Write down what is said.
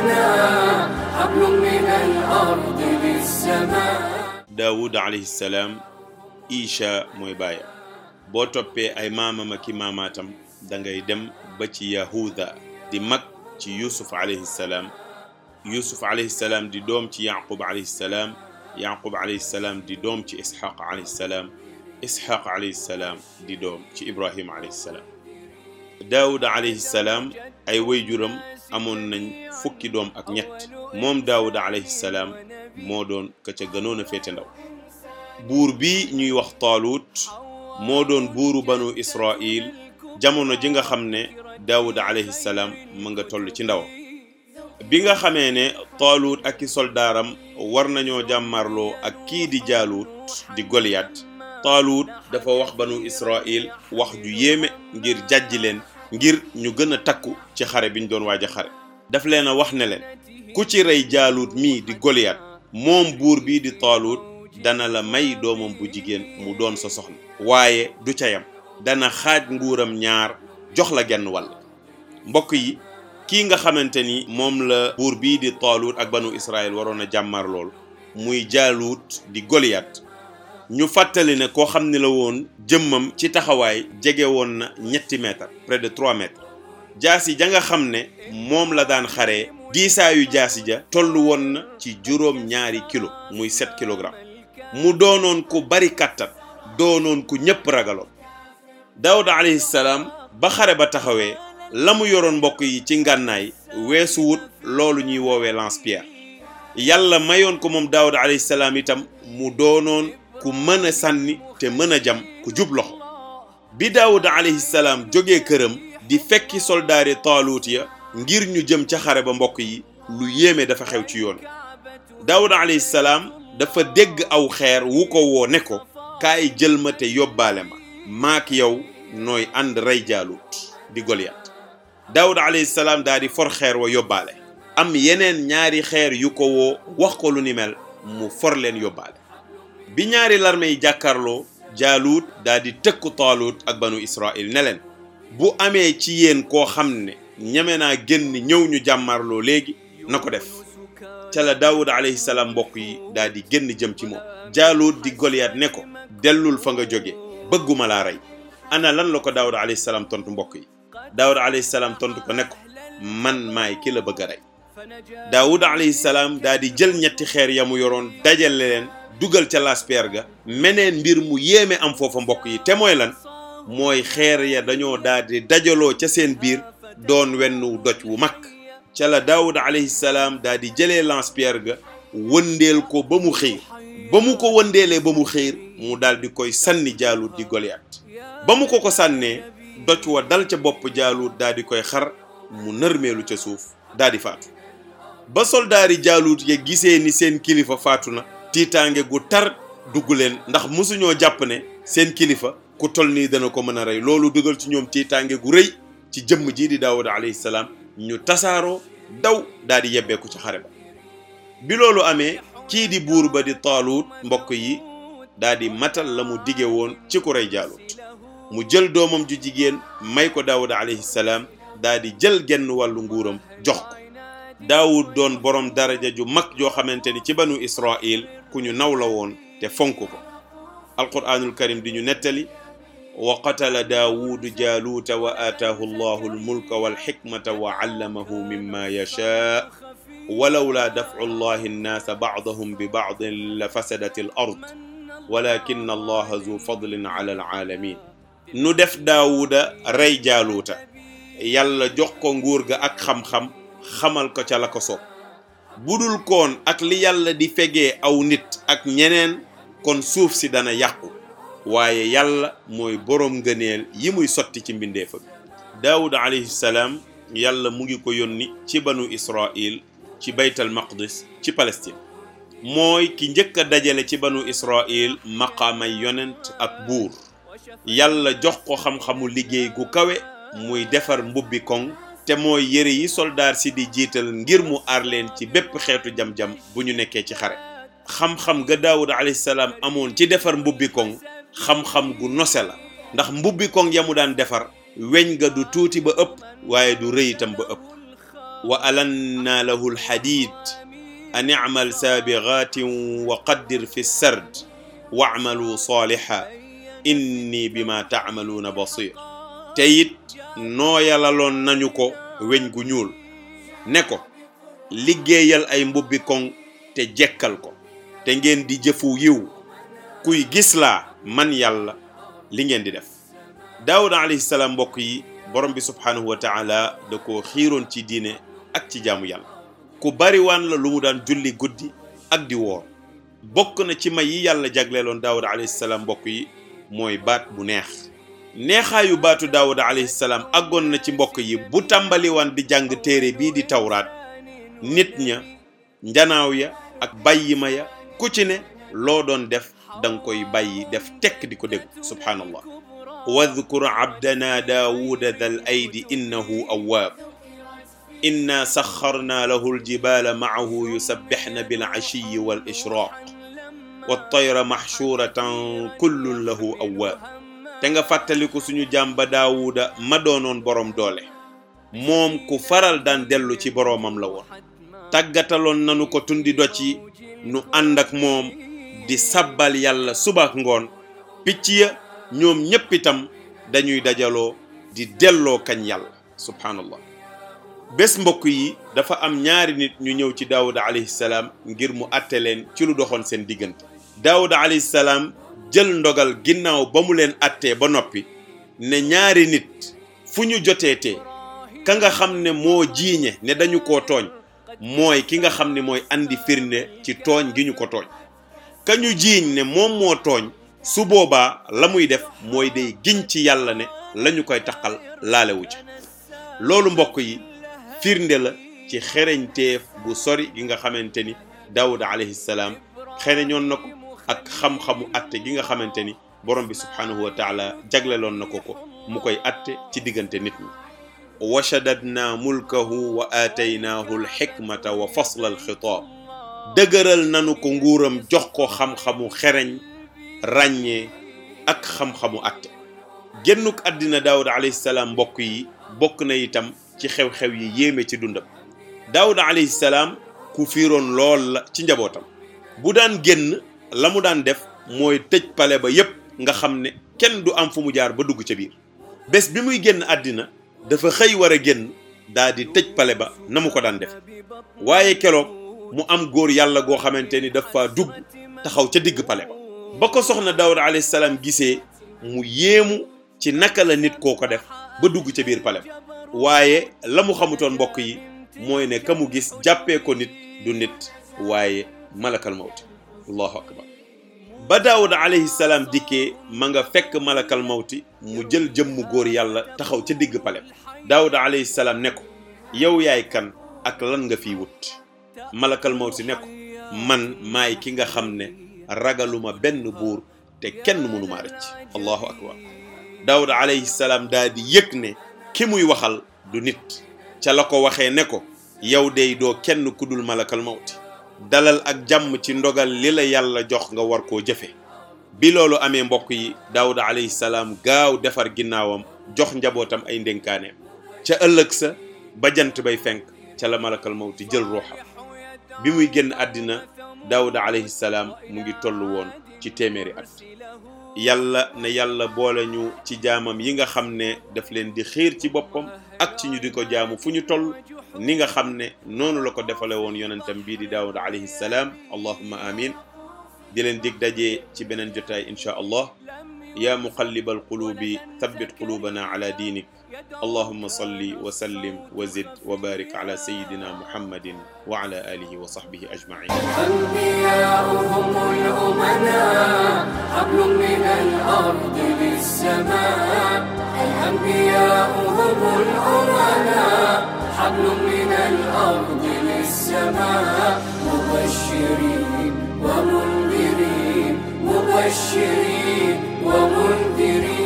لنا حبل من الأرض للسماء boo toppee ay maamam ak i maamaatam da dem ba ci yahuda di mag ci yusuf alayhi salaam yusuf alayhi di doom ci yaqub alayhi salaam di doom ci ishaq alayhi salaam ishaq di doom ci ibrahim alayhi salaam daawud alayhi salaam ay wayjuram amoon nañ fukki doom ak ñett moom daawuda alayhi salaam moo doon ka ca gënoon féete ndaw buur bi ñuy wax taalut moo doon buuru banu israil jamono ji nga xam ne daawuda alayhi salaam mu nga toll ci ndaw bi nga xamee ne taalut ak i soldaaram war nañoo jàmmarloo ak kii di jaalut di goliyat taalut dafa wax banu israil wax ju yéeme ngir jàjji leen ngir ñu gën a takku ci xare bi ñu doon waaj xare daf leen a wax ne leen ku ci rey jaaluut mii di goliyaat moom buur bii di taaluut dana la may doomam bu jigéen mu doon sa soxna waaye du ca yam dana xaaj nguuram ñaar jox la genn wàll mbokk yi kii nga xamante ni moom la buur bii di taaluut ak banu israel waroon a jàmmar lool muy jaaluut di goliyaat ñu fàttali ne koo xam ni la woon jëmmam ci taxawaay jege woon na ñetti mètre près de trois mètres jaasi ja nga xam ne moom la daan xaree diisaayu jaasi ja toll woon na ci juróom ñaari kilo muy sept kilogramme mu doonoon ku bari kàttan doonoon ku ñépp ragaloon Daawud alayhi salaam ba xare ba taxawee la mu yoroon mbokk yi ci ngànnaay weesu wut loolu ñuy woowee lance yàlla mayoon ko moom Daawud alayhi salaam itam mu doonoon ku mën a sànni te mën a jam ku jub loxo bi Daawud alayhi salaam jógee këram di fekki soldaari taaluut ya ngir ñu jëm ca xare ba mbokk yi lu yéeme dafa xew ci yoon daawud alayhi salaam dafa dégg aw xeer wu ko woo ne ko kaay jël ma te yóbbaale ma maak yow nooy ànd rey jaaluut di goliat daawud alayhi salaam daal di for xeer wa yóbbaale am yeneen ñaari xeer yu ko woo wax ko lu ni mel mu for leen yóbbaale bi ñaari larme yi jàkkarloo jaaluut daal di tëkku taaluut ak banu israil neleen bu amee ci yéen koo xam ne ñeme naa génn ñëw ñu jàmmarloo léegi na ko def ca la daawud alayhi salaam mbokk yi daal di génn jëm ci moom jaalut di goliat ne ko dellul fa nga jóge bëgguma laa rey ana lan la ko daawud alayhi salaam tontu mbokk yi daawud alayhi salaam tontu ko ne ko man maay ki la bëgg a rey daawud alayhi salaam daal di jël ñetti xeer ya mu yoroon dajale leen dugal ca laspeer ga meneen mbir mu yéeme am foofa mbokk yi te mooy lan mooy xeer ya dañoo daldi dajaloo ca seen biir doon wennu doj wu mag ca la daawud alayhi salaam daal di jëlee lance-pierre ga wëndeel ko ba mu xiir ba mu ko wëndeelee ba mu xiir mu daal di koy sànni jaalut di Goliath ba mu ko ko sànnee doj wa dal ca bopp jaalut daal di koy xar mu nërmeelu ca suuf daal di faatu ba soldaari jaalut ya gisee ni seen kilifa faatu na tiitaange gu tar dugg leen ndax mosuñoo jàpp ne seen kilifa ku toll nii dana ko mën a rey loolu dugal ci ñoom tiitaange gu rëy ci jëmm jii di daawud alayhi salaam ñu tasaaroo daw daal di yebbeeku ci xare ba bi loolu amee kii di buur ba di taalut mbokk yi daal matal la mu digge woon ci ku rey jaalut mu jël doomam ju jigéen may ko daawud alayhi salaam daal di jël genn wàllu nguuram jox ko daawud doon borom daraja ju mag joo xamante ni ci banu israil ku ñu naw la woon te fonk ko alquranul karim di ñu nettali wa qatala daawudu jaaluuta wa aataahu llahu almulka walxikmata wa allamahu mimma yashaa walawlaa dafcu llahi annaasa bacdahum bi bacdin la fasadat al ard walakin allaha zu fadlin ala alaalamin nu def daawuda rey jaaluuta yàlla jox ko nguur ga ak xam-xam xamal ko ca la ko soob budul koon ak li yàlla di fegee aw nit ak ñeneen kon suuf si dana yàqu waaye yàlla mooy boroom ngëneel yi muy sotti ci mbindeefam daawud alayhi salaam yàlla mu ngi ko yónni ci banu israil ci baytal maqdis ci palestine mooy ki njëkk a dajale ci banu israil maqaamay yonent ak buur yàlla jox ko xam-xamu liggéey gu kawe muy defar mbubbi koŋ te mooy yëre yi soldaar si jiital ngir mu aar leen ci bépp xeetu jam-jam bu ñu nekkee ci xare xam-xam ga daawud alayhi salaam amoon ci defar mbubbi koŋ xam-xam gu nose la ndax mbubbi koŋ yamu daan defar weñ ga du tuuti ba ëpp waaye du rëy itam ba ëpp wa alanna lahu lxadid an i'mal saabigaatin wa qaddir fi sard wa'malu saaliha inni bima ta'maluuna basir te it nooyalaloon nañu ko weñ gu ñuul ne ko liggéeyal ay mbubbi koŋ te jekkal ko te ngeen di jëfu yiw kuy gis man yàlla li ngeen di def daawuda alayhi salaam mbokk yi borom bi subhaanahu wa taala da koo xiiroon ci diine ak ci jaamu yàlla ku bari la lu mu daan julli guddi ak di woor bokk na ci may yi yàlla jagleeloon daawuda alayhi salaam mbokk yi mooy baat bu neex neexaayu baatu daawuda alayhi salaam àggoon na ci mbokk yi bu tàmbali di jàng téere bii di tawraat nit ña njanaaw ya ak bàyyima ya ku ci ne loo doon def da nga koy bàyyi def tekk di ko dégg subhaanallah wadkur abdana daawuda dal aydi innahu awaab inna saxarna lahu aljibala maahu yusabbixna bilaashiyi wal ishraaq waltayra maxshuratan kullun lahu awaab te nga fàttaliku suñu jàmba daawuda ma doonoon boroom doole moom ku faral daan dellu ci boroomam la woon nanu ko tundi doci nu ànd moom di sabbal yàlla subaak ngoon picc ya ñoom ñépp itam dañuy dajaloo di delloo kañ yàlla subhaanallah bés mbokk yi dafa am ñaari nit ñu ñëw ci daawuda alayhi salaam ngir mu àtte leen ci lu doxoon seen diggante daawuda alayhi salaam jël ndogal ginnaaw ba mu leen àttee ba noppi ne ñaari nit fu ñu joteetee ka nga xam ne moo jiiñe ne dañu ko tooñ mooy ki nga xam ni mooy andi firnde ci tooñ gi ñu ko tooñ kañu jiiñ ne moom moo tooñ su boobaa la muy def mooy day giñ ci yàlla ne la ñu koy taqal laalewu ca loolu mbokk yi firnde la ci xereñteef gu sori gi nga xamante ni Daawud alayhi salaam xereñoon na ko ak xam-xamu atte gi nga xamante ni borom bi subhaanahu wa taala jagleloon na ko ko mu koy atte ci diggante nit ñi wa shadadna mulkahu wa aataynaahu alxikmata wa fasla alxitaab dëgëral nanu ko nguuram jox ko xam-xamu xereñ ràññee ak xam-xamu àtte génnuk àddina daawud alayhi salaam mbokk yi bokk na itam ci xew-xew yi yéeme ci dundam daawud alayhi salaam ku fiiroon lool la ci njabootam bu daan génn la mu daan def mooy tëj pale ba yépp nga xam ne kenn du am fu mu jaar ba dugg ca biir bés bi muy génn àddina dafa xëy war a génn daa di tëj pale ba na mu ko daan def waaye keroog mu am góor yàlla goo xamante ni dafa dugg taxaw ca digg pale ba ba ko soxna Daawuda alayhi salaam gisee mu yéemu ci naka la nit koo ko def ba dugg ca biir pale ba waaye la mu xamutoon mbokk yi mooy ne ka mu gis jàppee ko nit du nit waaye malakal mawti allahu akbar ba daawuda alayhi salaam dikkee ma nga fekk malakal mawti mu jël jëmmu góor yàlla taxaw ca digg pale daawuda alayhi salaam ne ko yow yaay kan ak lan nga fi wut malakal mawti ne ko man maay ki nga xam ne ragaluma benn buur te kenn mënuma rëcc allahu akbar daawud alayhi salaam daal di ne ki muy waxal du nit ca la ko waxee ne ko yow dey doo kenn ku dul malakal mawti dalal ak jàmm ci ndogal li la yàlla jox nga war koo jëfe bi loolu amee mbokk yi daawud alayhi salaam gaaw defar ginnaawam jox njabootam ay ndénkaaneem ca ëllëg sa ba jant bay fenk ca la malakal mawti jël ruuxam bi muy génn àddina daawuda alayhi salaam mu ngi toll woon ci téeméeri at yàlla ne yàlla boole ñu ci jaamam yi nga xam ne daf leen di xiir ci boppam ak ci ñu di ko jaamu fu ñu toll ni nga xam ne noonu la ko defale woon yonentam bii di daawuda alayhi salaam allahumma amin di leen dig daje ci beneen jotaay inchaa allah yaa muqallibal qulubi thabbit qulubana ala diinik allahuma salli wa sallim wa zid wa barik ala sayidina muhammadin wa ala alihi wa sahbihi ajmain anbiyauhum lumana hablum min al ardi lissama anbiyauhum lumana hablum min al ardi lissama mubashirin wa mundirin mubashirin wa mundirin